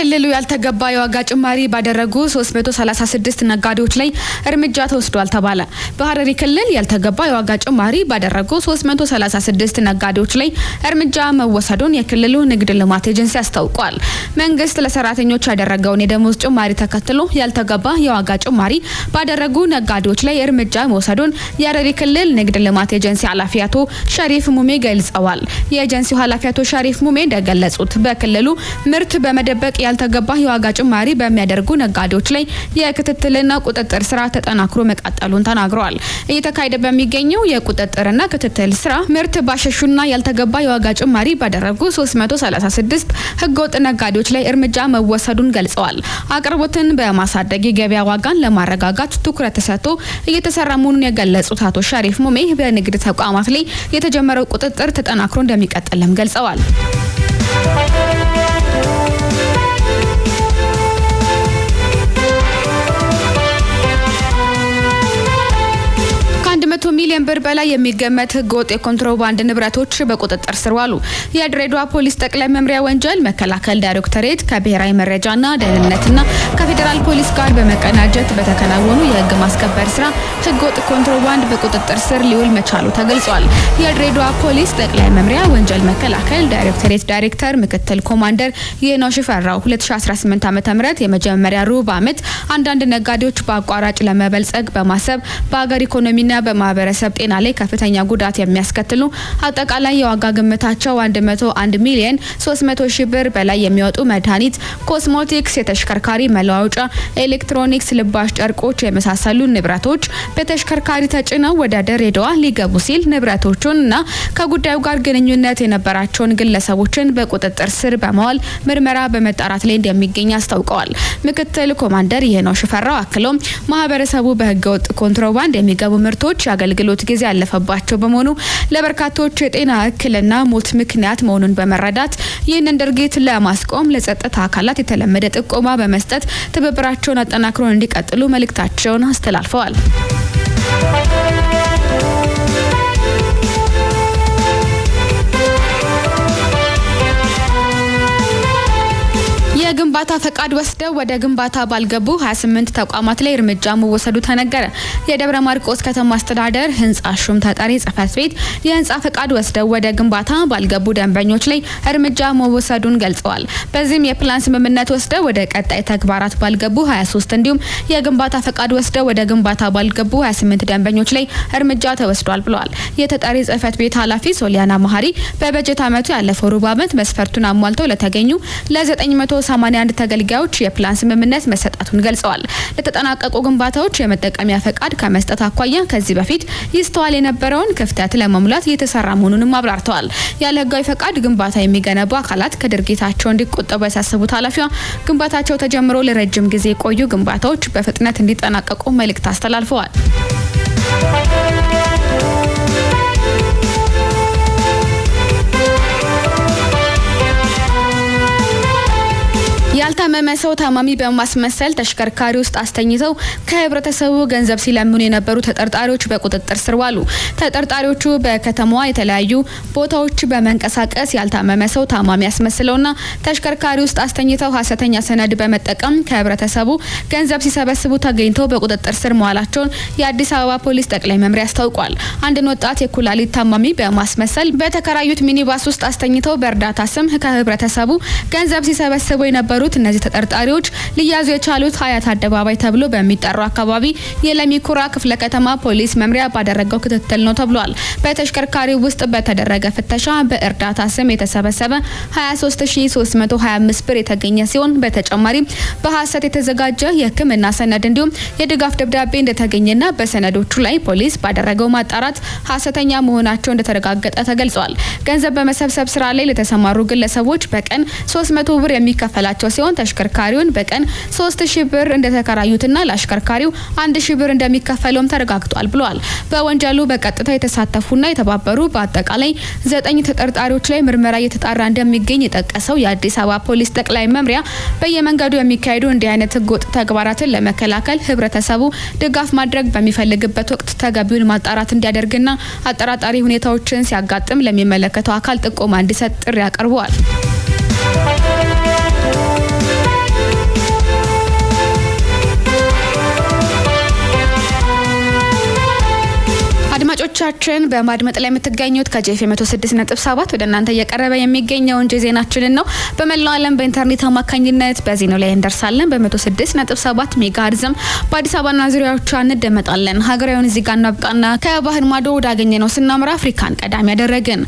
በክልሉ ያልተገባ የዋጋ ጭማሪ ባደረጉ 336 ነጋዴዎች ላይ እርምጃ ተወስዷል ተባለ። በሀረሪ ክልል ያልተገባ የዋጋ ጭማሪ ባደረጉ 336 ነጋዴዎች ላይ እርምጃ መወሰዱን የክልሉ ንግድ ልማት ኤጀንሲ አስታውቋል። መንግስት ለሰራተኞች ያደረገውን የደሞዝ ጭማሪ ተከትሎ ያልተገባ የዋጋ ጭማሪ ባደረጉ ነጋዴዎች ላይ እርምጃ መውሰዱን የሀረሪ ክልል ንግድ ልማት ኤጀንሲ ኃላፊ አቶ ሸሪፍ ሙሜ ገልጸዋል። የኤጀንሲው ኃላፊ አቶ ሸሪፍ ሙሜ እንደገለጹት በክልሉ ምርት በመደበቅ ያልተገባ የዋጋ ጭማሪ በሚያደርጉ ነጋዴዎች ላይ የክትትልና ቁጥጥር ስራ ተጠናክሮ መቀጠሉን ተናግረዋል። እየተካሄደ በሚገኘው የቁጥጥርና ክትትል ስራ ምርት ባሸሹና ያልተገባ የዋጋ ጭማሪ ባደረጉ 336 ህገወጥ ነጋዴዎች ላይ እርምጃ መወሰዱን ገልጸዋል። አቅርቦትን በማሳደግ የገበያ ዋጋን ለማረጋጋት ትኩረት ተሰጥቶ እየተሰራ መሆኑን የገለጹት አቶ ሸሪፍ ሙሜ በንግድ ተቋማት ላይ የተጀመረው ቁጥጥር ተጠናክሮ እንደሚቀጥልም ገልጸዋል። ከቢሊዮን ብር በላይ የሚገመት ህገወጥ የኮንትሮባንድ ንብረቶች በቁጥጥር ስር ዋሉ። የድሬዳዋ ፖሊስ ጠቅላይ መምሪያ ወንጀል መከላከል ዳይሬክቶሬት ከብሔራዊ መረጃና ደህንነትና ከፌዴራል ፖሊስ ጋር በመቀናጀት በተከናወኑ የህግ ማስከበር ስራ ህገወጥ ኮንትሮባንድ በቁጥጥር ስር ሊውል መቻሉ ተገልጿል። የድሬዳዋ ፖሊስ ጠቅላይ መምሪያ ወንጀል መከላከል ዳይሬክቶሬት ዳይሬክተር ምክትል ኮማንደር የኖሽ ሽፈራው 2018 ዓ.ም የመጀመሪያ ሩብ ዓመት አንዳንድ ነጋዴዎች በአቋራጭ ለመበልጸግ በማሰብ በአገር ኢኮኖሚና በማህበረሰብ የማህበረሰብ ጤና ላይ ከፍተኛ ጉዳት የሚያስከትሉ አጠቃላይ የዋጋ ግምታቸው 101 ሚሊዮን 300 ሺህ ብር በላይ የሚወጡ መድኃኒት፣ ኮስሞቲክስ፣ የተሽከርካሪ መለዋወጫ፣ ኤሌክትሮኒክስ፣ ልባሽ ጨርቆች የመሳሰሉ ንብረቶች በተሽከርካሪ ተጭነው ወደ ድሬዳዋ ሊገቡ ሲል ንብረቶቹን እና ከጉዳዩ ጋር ግንኙነት የነበራቸውን ግለሰቦችን በቁጥጥር ስር በመዋል ምርመራ በመጣራት ላይ እንደሚገኝ አስታውቀዋል። ምክትል ኮማንደር ይህ ነው ሽፈራው አክሎም ማህበረሰቡ በህገወጥ ኮንትሮባንድ የሚገቡ ምርቶች የአገልግሎት የአገልግሎት ጊዜ ያለፈባቸው በመሆኑ ለበርካቶች የጤና እክልና ሞት ምክንያት መሆኑን በመረዳት ይህንን ድርጊት ለማስቆም ለጸጥታ አካላት የተለመደ ጥቆማ በመስጠት ትብብራቸውን አጠናክሮን እንዲቀጥሉ መልእክታቸውን አስተላልፈዋል። የግንባታ ፈቃድ ወስደው ወደ ግንባታ ባልገቡ 28 ተቋማት ላይ እርምጃ መወሰዱ ተነገረ። የደብረ ማርቆስ ከተማ አስተዳደር ህንፃ ሹም ተጠሪ ጽህፈት ቤት የህንፃ ፈቃድ ወስደው ወደ ግንባታ ባልገቡ ደንበኞች ላይ እርምጃ መወሰዱን ገልጸዋል። በዚህም የፕላን ስምምነት ወስደው ወደ ቀጣይ ተግባራት ባልገቡ 23 እንዲሁም የግንባታ ፈቃድ ወስደው ወደ ግንባታ ባልገቡ 28 ደንበኞች ላይ እርምጃ ተወስዷል ብለዋል። የተጠሪ ጽህፈት ቤት ኃላፊ ሶሊያና መሀሪ በበጀት ዓመቱ ያለፈው ሩብ ዓመት መስፈርቱን አሟልተው ለተገኙ ለ981 ተገልጋዮች የፕላን ስምምነት መሰጣቱን ገልጸዋል። ለተጠናቀቁ ግንባታዎች የመጠቀሚያ ፈቃድ ከመስጠት አኳያ ከዚህ በፊት ይስተዋል የነበረውን ክፍተት ለመሙላት እየተሰራ መሆኑንም አብራርተዋል። ያለ ህጋዊ ፈቃድ ግንባታ የሚገነቡ አካላት ከድርጊታቸው እንዲቆጠቡ ያሳሰቡት ኃላፊዋ ግንባታቸው ተጀምሮ ለረጅም ጊዜ የቆዩ ግንባታዎች በፍጥነት እንዲጠናቀቁ መልእክት አስተላልፈዋል። Canal የታመመ ሰው ታማሚ በማስመሰል ተሽከርካሪ ውስጥ አስተኝተው ከህብረተሰቡ ገንዘብ ሲለምኑ የነበሩ ተጠርጣሪዎች በቁጥጥር ስር ዋሉ። ተጠርጣሪዎቹ በከተማዋ የተለያዩ ቦታዎች በመንቀሳቀስ ያልታመመ ሰው ታማሚ አስመስለውና ተሽከርካሪ ውስጥ አስተኝተው ሀሰተኛ ሰነድ በመጠቀም ከህብረተሰቡ ገንዘብ ሲሰበስቡ ተገኝተው በቁጥጥር ስር መዋላቸውን የአዲስ አበባ ፖሊስ ጠቅላይ መምሪያ አስታውቋል። አንድን ወጣት የኩላሊት ታማሚ በማስመሰል በተከራዩት ሚኒባስ ውስጥ አስተኝተው በእርዳታ ስም ከህብረተሰቡ ገንዘብ ሲሰበስቡ የነበሩት እነዚህ እነዚህ ተጠርጣሪዎች ሊያዙ የቻሉት ሀያት አደባባይ ተብሎ በሚጠራው አካባቢ የለሚኩራ ክፍለ ከተማ ፖሊስ መምሪያ ባደረገው ክትትል ነው ተብሏል። በተሽከርካሪ ውስጥ በተደረገ ፍተሻ በእርዳታ ስም የተሰበሰበ 23325 ብር የተገኘ ሲሆን በተጨማሪም በሀሰት የተዘጋጀ የሕክምና ሰነድ እንዲሁም የድጋፍ ደብዳቤ እንደተገኘና በሰነዶቹ ላይ ፖሊስ ባደረገው ማጣራት ሀሰተኛ መሆናቸው እንደተረጋገጠ ተገልጿል። ገንዘብ በመሰብሰብ ስራ ላይ ለተሰማሩ ግለሰቦች በቀን 300 ብር የሚከፈላቸው ሲሆን ተሽከርካሪውን በቀን 3000 ብር እንደተከራዩትና ለአሽከርካሪው 1000 ብር እንደሚከፈለውም ተረጋግጧል ብለዋል። በወንጀሉ በቀጥታ የተሳተፉና የተባበሩ በአጠቃላይ ዘጠኝ ተጠርጣሪዎች ላይ ምርመራ እየተጣራ እንደሚገኝ የጠቀሰው የአዲስ አበባ ፖሊስ ጠቅላይ መምሪያ በየመንገዱ የሚካሄዱ እንዲህ አይነት ህገወጥ ተግባራትን ለመከላከል ህብረተሰቡ ድጋፍ ማድረግ በሚፈልግበት ወቅት ተገቢውን ማጣራት እንዲያደርግና አጠራጣሪ ሁኔታዎችን ሲያጋጥም ለሚመለከተው አካል ጥቆማ እንዲሰጥ ጥሪ አቅርበዋል። አድማጮቻችን በማድመጥ ላይ የምትገኙት ነጥብ ሰባት ወደ እናንተ እየቀረበ የሚገኘውን እንጂ ዜናችንን ነው። በመላው ዓለም በኢንተርኔት አማካኝነት በዜናው ላይ እንደርሳለን ነጥብ ሰባት ሜጋሄርዝም በአዲስ አበባና ዙሪያዎቿ እንደመጣለን። ሀገራዊውን እዚህ ጋር እናብቃና ከባህር ማዶ ወዳገኘ ነው ስናምራ አፍሪካን ቀዳሚ ያደረግን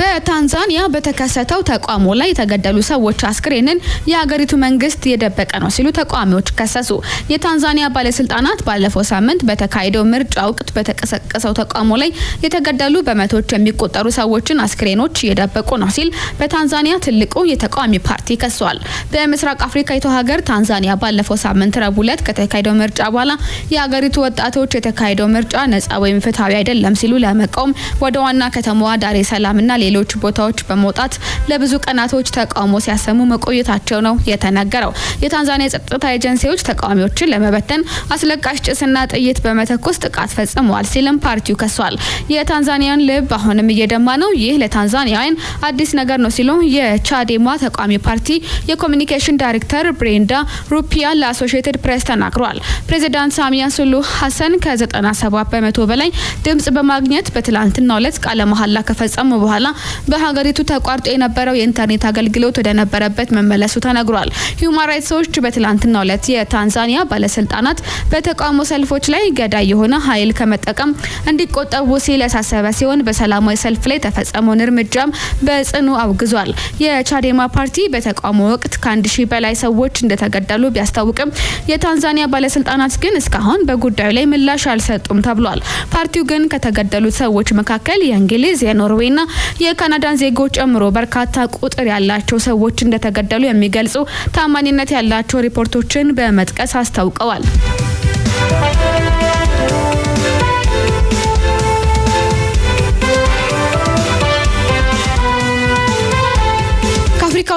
በታንዛኒያ በተከሰተው ተቃውሞ ላይ የተገደሉ ሰዎች አስክሬንን የሀገሪቱ መንግስት የደበቀ ነው ሲሉ ተቃዋሚዎች ከሰሱ። የታንዛኒያ ባለስልጣናት ባለፈው ሳምንት በተካሄደው ምርጫ ወቅት በተቀሰቀሰው ተቃውሞ ላይ የተገደሉ በመቶዎች የሚቆጠሩ ሰዎችን አስክሬኖች እየደበቁ ነው ሲል በታንዛኒያ ትልቁ የተቃዋሚ ፓርቲ ከሷል። በምስራቅ አፍሪካዊቷ ሀገር ታንዛኒያ ባለፈው ሳምንት ረቡዕ ዕለት ከተካሄደው ምርጫ በኋላ የሀገሪቱ ወጣቶች የተካሄደው ምርጫ ነጻ ወይም ፍትሐዊ አይደለም ሲሉ ለመቃወም ወደ ዋና ከተማዋ ዳሬ ሰላምና ሌሎች ቦታዎች በመውጣት ለብዙ ቀናቶች ተቃውሞ ሲያሰሙ መቆየታቸው ነው የተነገረው። የታንዛኒያ የጸጥታ ኤጀንሲዎች ተቃዋሚዎችን ለመበተን አስለቃሽ ጭስና ጥይት በመተኮስ ጥቃት ፈጽመዋል ሲልም ፓርቲው ከሷል። የታንዛኒያን ልብ አሁንም እየደማ ነው፣ ይህ ለታንዛኒያውያን አዲስ ነገር ነው ሲሉ የቻዴማ ተቃዋሚ ፓርቲ የኮሚኒኬሽን ዳይሬክተር ብሬንዳ ሩፒያ ለአሶሽየትድ ፕሬስ ተናግሯል። ፕሬዚዳንት ሳሚያ ሱሉ ሀሰን ከ97 በመቶ በላይ ድምጽ በማግኘት በትላንትናው ዕለት ቃለ መሀላ ከፈጸሙ በኋላ በሀገሪቱ ተቋርጦ የነበረው የኢንተርኔት አገልግሎት ወደ ነበረበት መመለሱ ተነግሯል። ሁማን ራይትስ ዎች በትላንትናው ዕለት የታንዛኒያ ባለስልጣናት በተቃውሞ ሰልፎች ላይ ገዳይ የሆነ ኃይል ከመጠቀም እንዲቆጠቡ ሲል ያሳሰበ ሲሆን በሰላማዊ ሰልፍ ላይ የተፈጸመውን እርምጃም በጽኑ አውግዟል። የቻዴማ ፓርቲ በተቃውሞ ወቅት ከአንድ ሺህ በላይ ሰዎች እንደተገደሉ ቢያስታውቅም የታንዛኒያ ባለስልጣናት ግን እስካሁን በጉዳዩ ላይ ምላሽ አልሰጡም ተብሏል። ፓርቲው ግን ከተገደሉት ሰዎች መካከል የእንግሊዝ፣ የኖርዌይና የካናዳን ዜጎች ጨምሮ በርካታ ቁጥር ያላቸው ሰዎች እንደተገደሉ የሚገልጹ ታማኝነት ያላቸው ሪፖርቶችን በመጥቀስ አስታውቀዋል።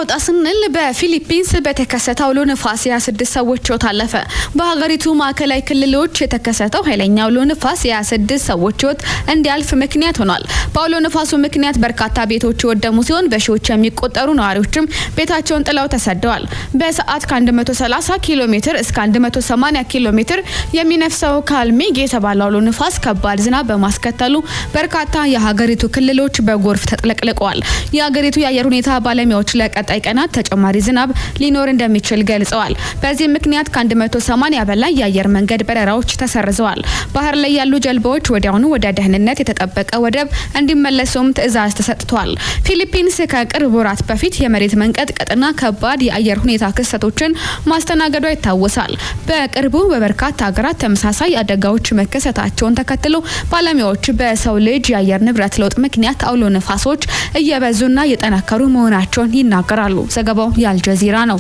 እናውጣ ስንል በፊሊፒንስ በተከሰተ አውሎ ንፋስ የ ስድስት ሰዎች ህይወት አለፈ። በሀገሪቱ ማዕከላዊ ክልሎች የተከሰተው ኃይለኛ አውሎ ንፋስ የ ስድስት ሰዎች ህይወት እንዲያልፍ ምክንያት ሆኗል። በአውሎ ነፋሱ ምክንያት በርካታ ቤቶች የወደሙ ሲሆን በሺዎች የሚቆጠሩ ነዋሪዎችም ቤታቸውን ጥለው ተሰደዋል። በሰዓት ከ130 ኪሎ ሜትር እስከ 180 ኪሎ ሜትር የሚነፍሰው ካልሚ የተባለ አውሎ ነፋስ ከባድ ዝናብ በማስከተሉ በርካታ የሀገሪቱ ክልሎች በጎርፍ ተጥለቅልቀዋል። የሀገሪቱ የአየር ሁኔታ ባለሙያዎች በቀጣይ ቀናት ተጨማሪ ዝናብ ሊኖር እንደሚችል ገልጸዋል። በዚህ ምክንያት ከ180 በላይ የአየር መንገድ በረራዎች ተሰርዘዋል። ባህር ላይ ያሉ ጀልባዎች ወዲያውኑ ወደ ደህንነት የተጠበቀ ወደብ እንዲመለሱም ትዕዛዝ ተሰጥቷል። ፊሊፒንስ ከቅርብ ወራት በፊት የመሬት መንቀጥቀጥና ከባድ የአየር ሁኔታ ክስተቶችን ማስተናገዷ ይታወሳል። በቅርቡ በበርካታ ሀገራት ተመሳሳይ አደጋዎች መከሰታቸውን ተከትሎ ባለሙያዎች በሰው ልጅ የአየር ንብረት ለውጥ ምክንያት አውሎ ነፋሶች እየበዙና እየጠናከሩ መሆናቸውን ይናገራል። ይሰራሉ። ዘገባው የአልጀዚራ ነው።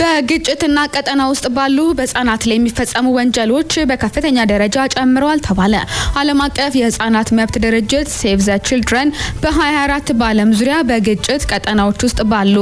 በግጭትና ቀጠና ውስጥ ባሉ በህጻናት ላይ የሚፈጸሙ ወንጀሎች በከፍተኛ ደረጃ ጨምረዋል ተባለ። ዓለም አቀፍ የህጻናት መብት ድርጅት ሴቭ ዘ ችልድረን በ24 በዓለም ዙሪያ በግጭት ቀጠናዎች ውስጥ ባሉ